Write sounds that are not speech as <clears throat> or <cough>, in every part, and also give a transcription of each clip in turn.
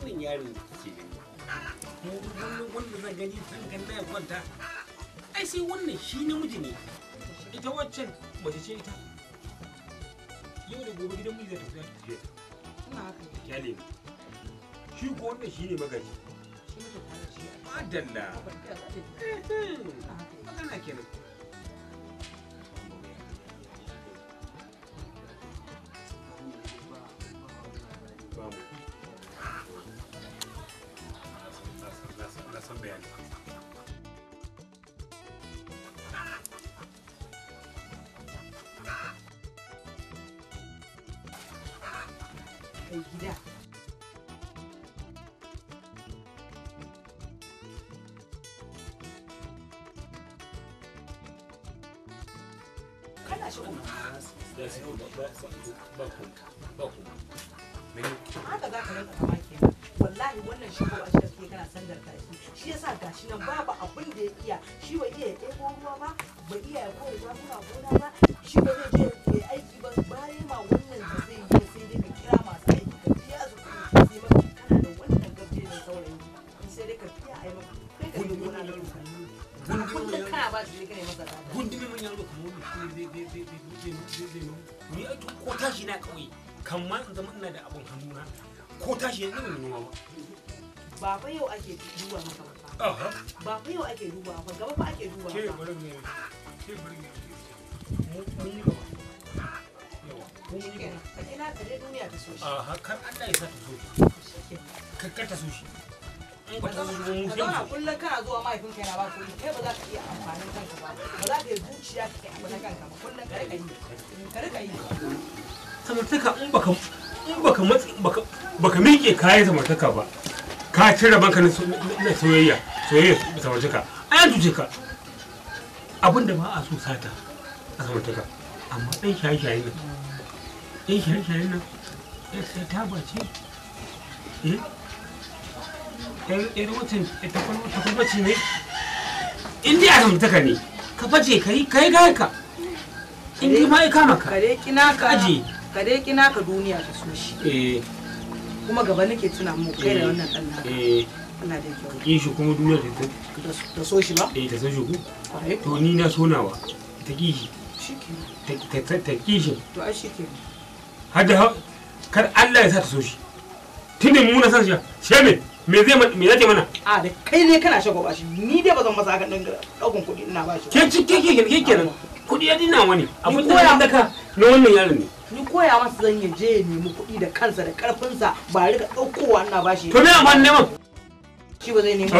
wannan yaro ke wannan wanda zan gani tangan na kwanta ai sai wannan shi namiji ne ita waccan mace ce ita yau da gobe gidan miji zai tafi ta jiya kyale shi ko wannan shi ne magaji madalla eh, eh. magana kenan kai gida shi shi kana yasa gashi nan babu abin da ya iya shi iya ya ɗebo ruwa ba bai iya ya kore zakuna gona ba shi ba zai je ya ba su ne kare masa zama ina da abun hannuna ko tashi yanzu ba ba fa yau ake duba maka ba ba fa yau ake duba ba gaba fa ake duba ke bari ke bari mu mun yi yawa ko mun yi ina ka je duniya ta so kar Allah ta so shi ta so ba ka baka in ba ka cire banka na soyayya soyayya samartaka ka ba a so sata a samartaka amma ɗan shayi-shayi nan ɗan shayi nan sai ta bace eh? takwarbaci ne in dai azamtaka ne ka face ka yi kai ka in ji ma ka maka kina ka aje kare kina ka duniya ta so shi eh. kuma gaba nake tuna mu kai da eh. wannan dan naka eh. Allah da kyau kin shi kuma duniya ta ta so shi ba eh ta so shi ku to ni na so nawa ta ki shi shikenan ta ta shi to ai shikenan har da kar Allah ya sa ta so shi tunda mu na san shi sheme me zai me zai mana a da kai ne kana shago bashi ni dai bazan masa hakan din daukan kuɗi ina bashi ke ke ke ke kenan kuɗi ya dina wani abin da da daka na wannan yaron ne ni koya masa zan ya je ya nemi kuɗi da kansa da karfinsa ba rika daukowa ina bashi to me ne mun shi ba zai nemi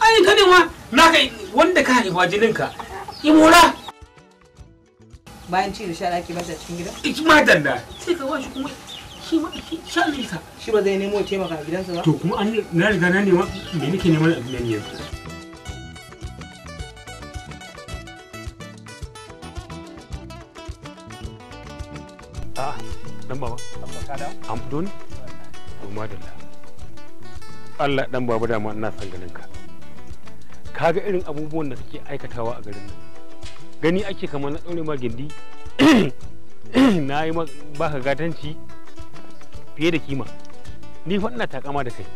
ai ka nema kai. wanda ka haifa jininka imora bayan ci da sha ake bata cikin gida ikima danda sai ka washi kuma shi ma sha'aninsa shi ba zai nemo taimaka gidansa ba to kuma an na riga na nema me nake neman a yanzu dan baba an fito ne to madalla Allah dan baba dama ina ganin ka kaga irin abubuwan da kake aikatawa a garin nan gani ake kamar na daure ma gindi <clears throat> na yi ba ka gatanci fiye da kima ni fa ina takama da kai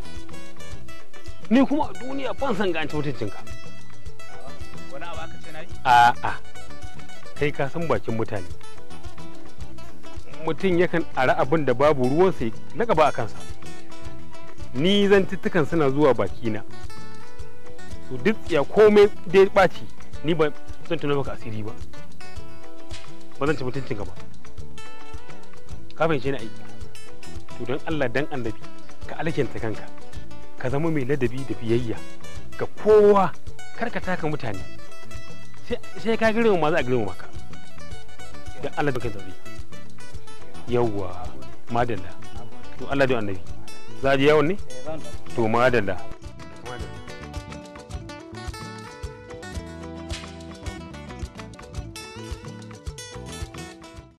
ni kuma a duniya ban san ga an ci mutuncinka wani abu aka ce na yi a'a kai ka san bakin mutane mutum yakan ara abin da babu ruwansa na gaba a kansa ni zan zantuttukan suna zuwa bakina to duk ya komai dai ɓaci ni ba zan tuna maka asiri ba ba zan ci mutuncinka ba kafin shi na aiki su don Allah dan annabi ka alkinta kanka ka zama mai ladabi da biyayya ga kowa karka taka mutane sai ka girma ma za a girma maka don Allah da ka zabi yawwa madalla to Allah da annabi za a je yawon ne eh, to madalla